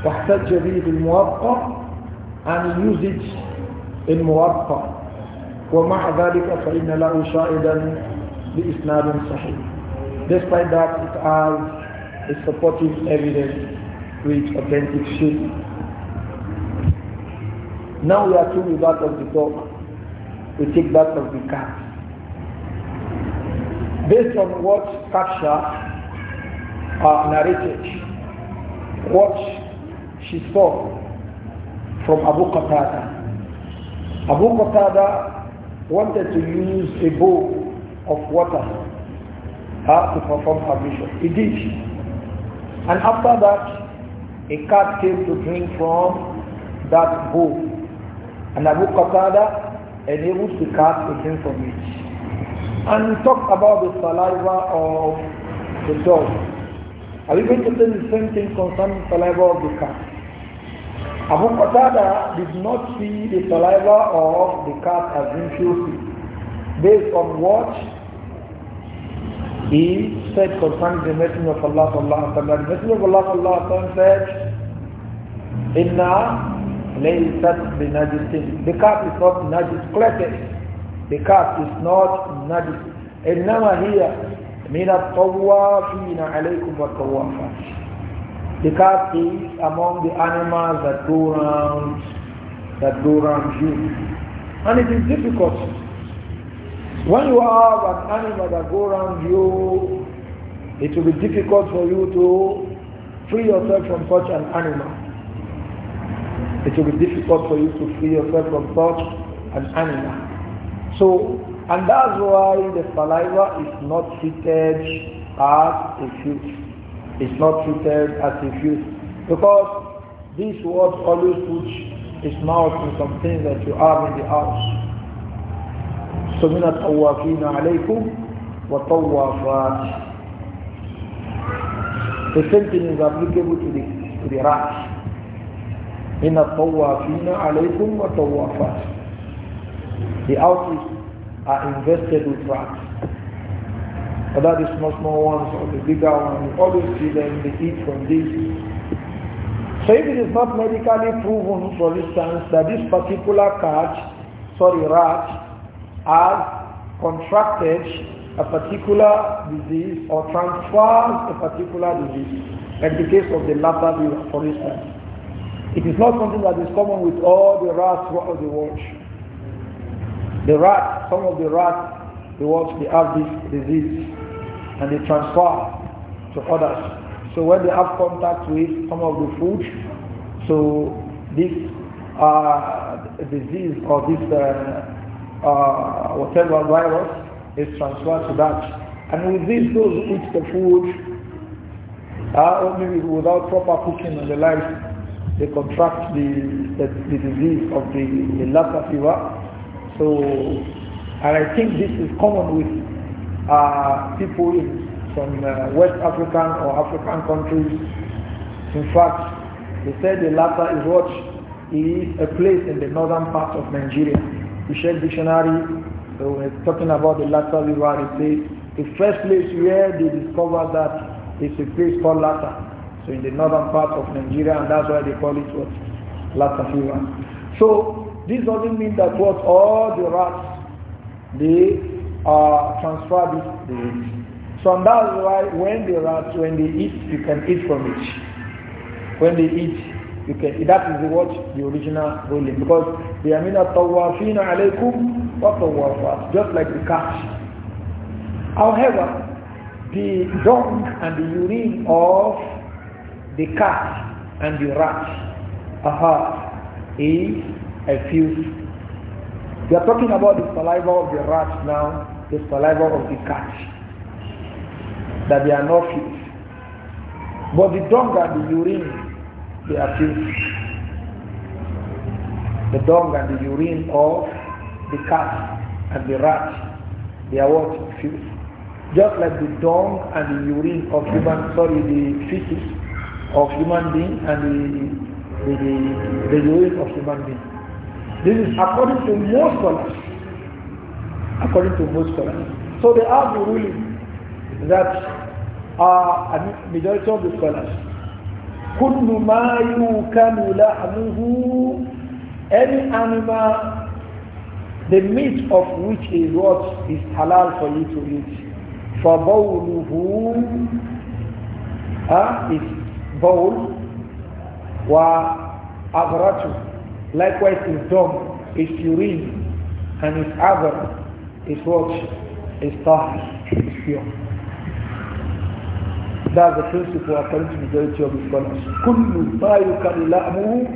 واحتج به الموطأ and used it in موطأ ومع ذلك فإن له شاهدا بإسناد صحيح despite that it has a supportive evidence which authentic shape now we are taking that of the dog. We take that of the cat. Based on what Kasha uh, narrated, what she saw from Abu Qatada. Abu Qatada wanted to use a bowl of water uh, to perform her mission. He did. And after that, a cat came to drink from that bowl. And Abu Qatada enables the cat to drink from it. And he talked about the saliva of the dog. Are we going to say the same thing concerning saliva of the cat? Abu Qatada did not see the saliva of the cat as impurity based on what he said concerning the Messenger of Allah sallallahu alaihi wasallam. The Messenger of Allah sallallahu alaihi wasallam said, "Inna ليست بنجس the calf is not najis the calf is not najis إنما هي من الطوافين عليكم والطوافات the calf is among the animals that go around that go around you and it is difficult when you have an animal that go around you it will be difficult for you to free yourself from such an animal it will be difficult for you to free yourself from such an animal. So, and that's why the saliva is not treated as a food. It's not treated as a food. Because this word always puts its mouth in something that you have in the house. So من الطوافين عليكم وطوافات The same thing is applicable to the, to the rat. إن الطوافين عليكم وطوافات The outlays are invested with rats. Whether the small, small ones or the bigger ones, you always see them, they eat from this. So if it is not medically proven, for instance, that this particular cat, sorry, rat, has contracted a particular disease or transferred a particular disease, like the case of the latter, for instance, it is not something that is common with all the rats throughout the world. The rats, some of the rats, the world, they have this disease and they transfer to others. So when they have contact with some of the food, so this uh, disease or this uh, uh, whatever virus is transferred to that. And with this, those who eat the food, uh, maybe without proper cooking and the like, they contract the, the, the disease of the, the Lassa fever. So, and I think this is common with uh, people in some uh, West African or African countries. In fact, they said the Lassa is what is a place in the northern part of Nigeria. The Shell Dictionary, so we're talking about the Lassa River, it says the first place where they discovered that is a place called Lassa. So in the northern part of Nigeria, and that's why they call it what? fever. So this doesn't mean that what all the rats, they are transferred the mm-hmm. disease. So that's why when the rats, when they eat, you can eat from it. When they eat, you can, that is what the original ruling. Because the Amina Tawafina alaykum wa tawafat, just like the cat. However, the dung and the urine of the cat and the rat, aha, is a few. We are talking about the saliva of the rat now, the saliva of the cat. That they are not fused. But the dung and the urine, they are fused the dung and the urine of the cat and the rat. They are what? Fused. Just like the dung and the urine of human, sorry, the feces of human being and the, the, the, the of human being. This is according to most scholars. According to most scholars. So they have the ruling that uh, a majority of the scholars كل ما يوكل لحمه any animal the meat of which is what is halal for you to eat فبوله uh, is bowl wa abratu likewise his dung his urine and his other, his watch his tahir is pure that's the principle according to the majority of the scholars كل ما يكل لأمه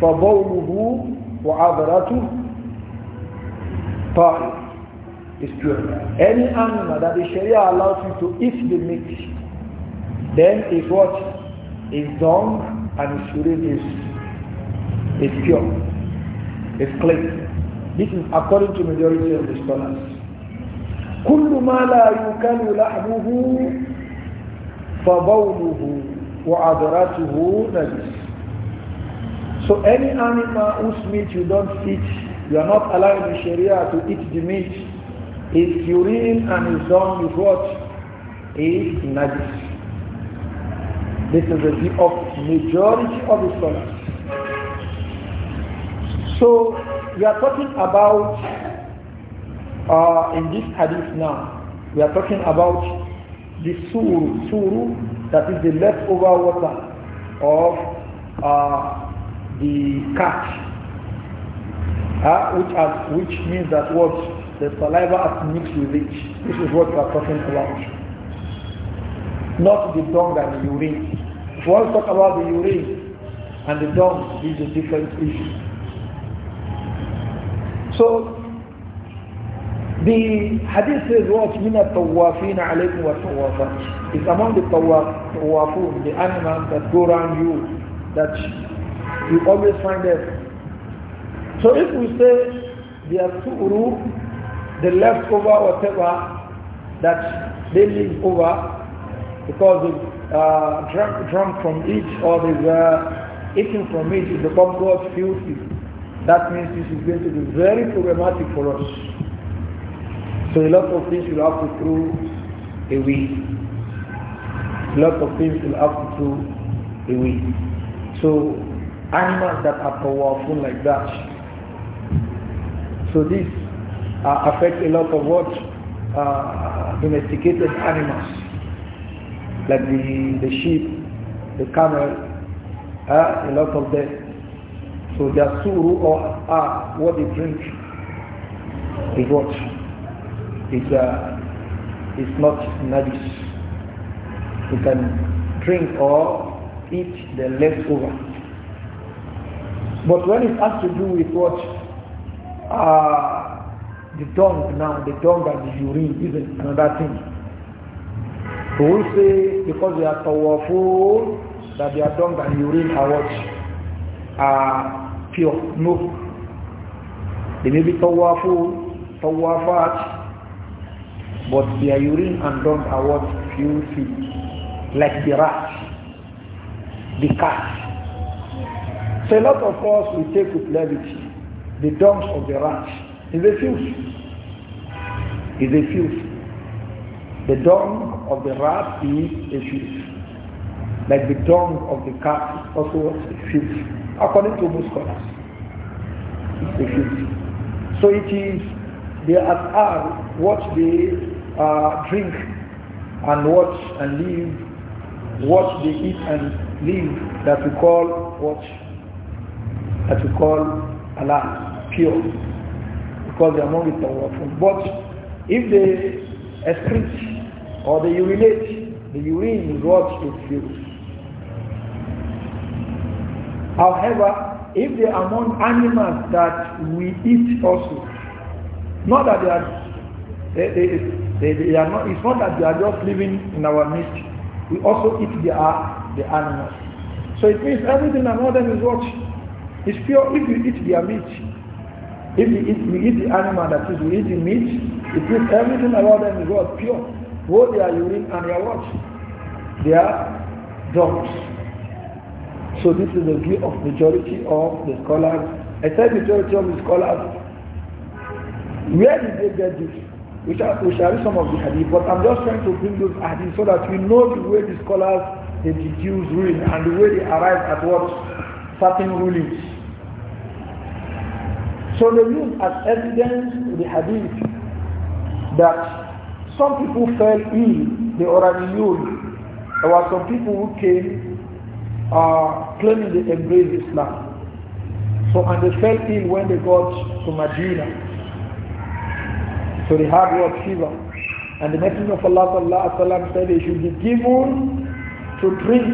فبوله وعبرته طاهر is pure. Any animal that the Sharia allows you to eat the meat, then is what? is done and his urine is, is pure, is clean. This is according to majority of the scholars. كل ما لا يكل لحمه فبوله نجس so any animal whose meat you don't eat, you are not allowed in Sharia to eat the meat. Its urine and its dung is what? Is najis. This is the view of majority of the scholars. So we are talking about uh, in this hadith now. We are talking about the suru, suru that is the leftover water of uh, the cat, uh, which, has, which means that what the saliva has mixed with it. This is what we are talking about, not the dung and the urine. If we want to talk about the urine and the dung, these are different issues. So the hadith says what min at-tawafin alaykum wa tawafat. It's among the tawafun, the animals that go around you, that you always find them. So if we say are the uru, the leftover whatever that they over, because uh, drunk, drunk from it or they were eating from it, to become God's filthy. That means this is going to be very problematic for us. So a lot of things will have to throw away. A lot of things will have to throw away. So animals that are powerful like that. So this uh, affects a lot of what uh, domesticated animals like the, the sheep, the camel, uh, a lot of them. So their suru or uh, what they drink is what? Is, uh, is not najis. You can drink or eat the leftover. But when it has to do with what? Uh, the dung now, the dung and the urine is another thing. But will say because they are powerful that they are and urine are what? Are pure. No. They may be powerful, powerful, but their urine and don't are what? Filthy. Like the rat, the cat. So a lot of us we take with levity the dung of the rat. Is a filth. Is a filth. The dung of the rat is a sheep. Like the dung of the cat is also a According to most scholars, it's a So it is the are what they uh, drink and watch and live, what they eat and live that we call watch, that we call Allah pure because they are not with But if they excrete or the urinate. The urine is what is used. However, if they are among animals that we eat also, not that they are, they, they, they, are not, it's not that they are just living in our midst. We also eat the, uh, the animals. So it means everything around them is what? It's pure if you eat their meat. If we eat, we eat the animal that is, we eat the meat, it means everything around them is what? Pure both their urine and their what? Their dogs. So this is the view of majority of the scholars. I said majority of the scholars. Where did they get this? We shall, we shall read some of the hadith, but I'm just trying to bring those hadith so that we know the way the scholars they deduce ruling and the way they arrive at what certain rulings. So they use as evidence the hadith that some people fell ill, they already knew. There were some people who came uh, claiming they embraced Islam. So, and they fell ill when they got to Medina. So they had what fever. And the Messenger of Allah sallallahu said they should be given to drink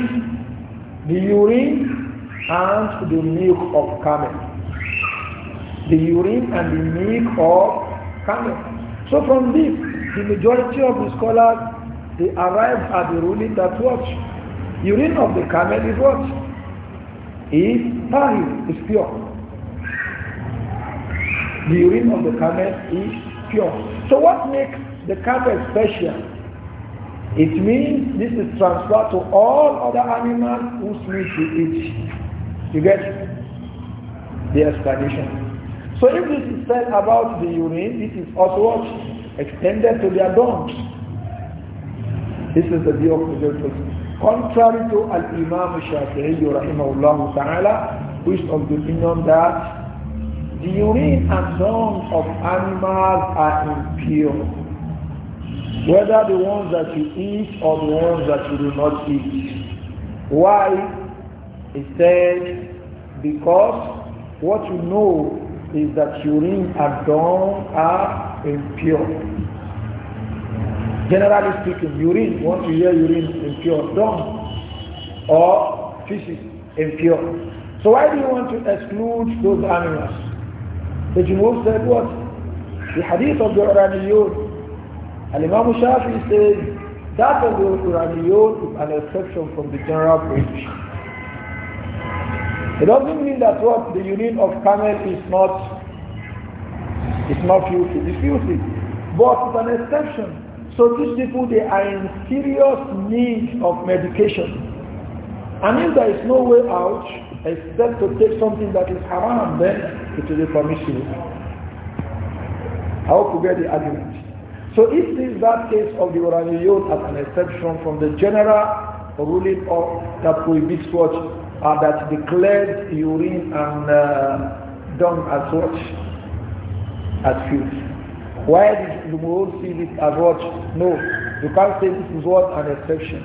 the urine and the milk of camel. The urine and the milk of camel. So from this, the majority of the scholars, they arrive at the ruling that what? Urine of the camel is what? Is tahir, is pure. The urine of the camel is pure. So what makes the camel special? It means this is transferred to all other animals whose meat you eat. You get the explanation. So if this is said about the urine, this is also what extended to their dogs. This is the view of the Jainism. Contrary to Al-Imam Shafi'i rahimahullah ta'ala, who is of the opinion that the urine and dung of animals are impure, whether the ones that you eat or the ones that you do not eat. Why? He said, because what you know is that urine and dung are impure. Generally speaking, urine, once you hear urine, impure, dung or feces, impure. So why do you want to exclude those animals? The Jumhur said what? The hadith of the Uraniyun. Al-Imam Shafi says that of the Uraniyun is an exception from the general principle. It doesn't mean that what the urine of camel is not is not filthy. It's filthy, but it's an exception. So these people they are in serious need of medication, and if there is no way out except to take something that is haram, then it is permissible. I hope you get the argument. So it is that case of the Oraniyot as an exception from the general ruling of that prohibits what uh, that declared urine and uh, dung as such As filth. Why did the world see it as what? No, you can't say this is what an exception.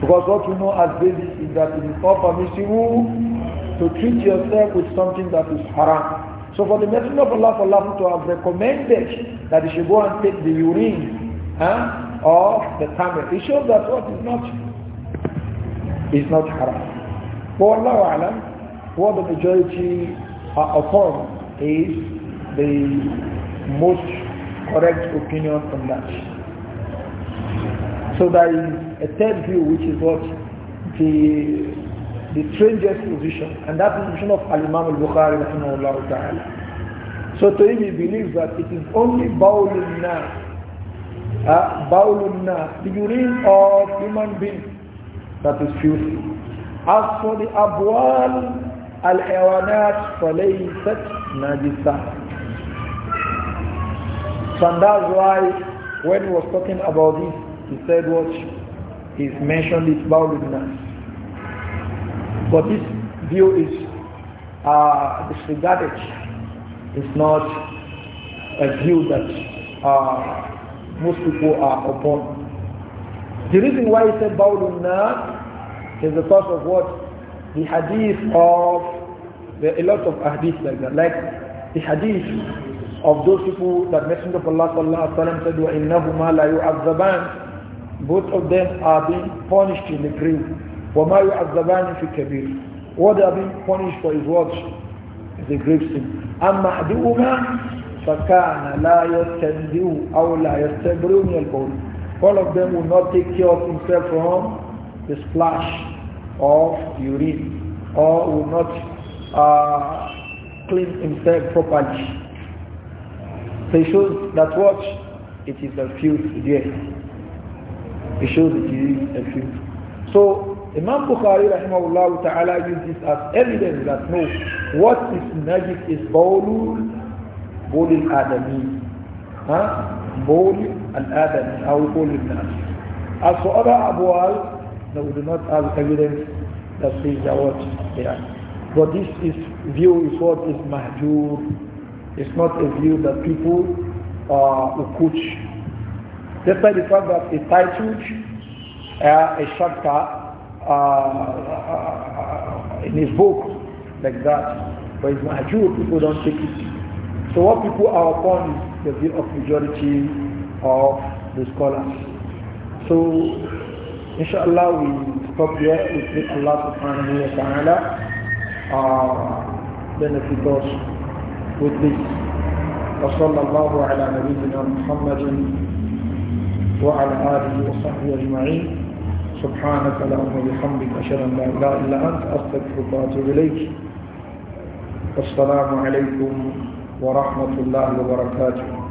Because what we know as basic is that it is not permissible to treat yourself with something that is haram. So for the Messenger of Allah, for Allah to have recommended that he should go and take the urine huh, of the camel, it shows that what is not is not haram. For Allah what the majority are upon is the most correct opinion on that. So there is a third view which is what the the strangest position and that position of Al-Imam al-Bukhari rahimahullah ta'ala. So to him he believes that it is only bawlun nas, uh, the urine of human being that is filthy. As for the abwal al So that's why when he was talking about this, he said what he mentioned is boundedness. But this view is uh, disregarded. It's not a view that uh, most people are upon. The reason why he said boundedness is because of what? The hadith of, the, a lot of hadith like that, like the hadith of those people that Messenger of Allah sallallahu alaihi wasallam said, وَإِنَّهُمَا لَا يُعَذَّبَانِ Both of them are being punished in the grave. وَمَا يُعَذَّبَانِ فِي كَبِيرٍ What they are being punished for is what? Is the grave sin. أَمَّا أَحْدُهُمَا فَكَانَ لَا يَسْتَنْدِعُ أَوْ لَا يَسْتَبْرِعُ مِنَ All of them will not take care of himself from the splash of urine or will not uh, clean himself properly. So it shows that what? It is a filth there. It shows it is a filth. So Imam Bukhari rahimahullah ta'ala used this as evidence that no, what is najis is bawlul, bawlul adami. Huh? Bawl al-adami, how bawlul najis. As for other abu al that we do not have evidence that says that what they are. But this is view is what is mahjur. It's not a view that people uh, ukuch. Despite the fact that a title, uh, a shakta, uh, uh, in his book like that, but it's mahjur, people don't take it. So what people are upon is the view of majority of the scholars. So Inshallah, we stop here. We pray Allah subhanahu wa ta'ala uh, benefit us with this. وصلى الله على نبينا محمد وعلى آله وصحبه أجمعين سبحانك اللهم وبحمدك أشهد أن لا إله إلا أنت أستغفرك وأتوب إليك والسلام عليكم ورحمة الله وبركاته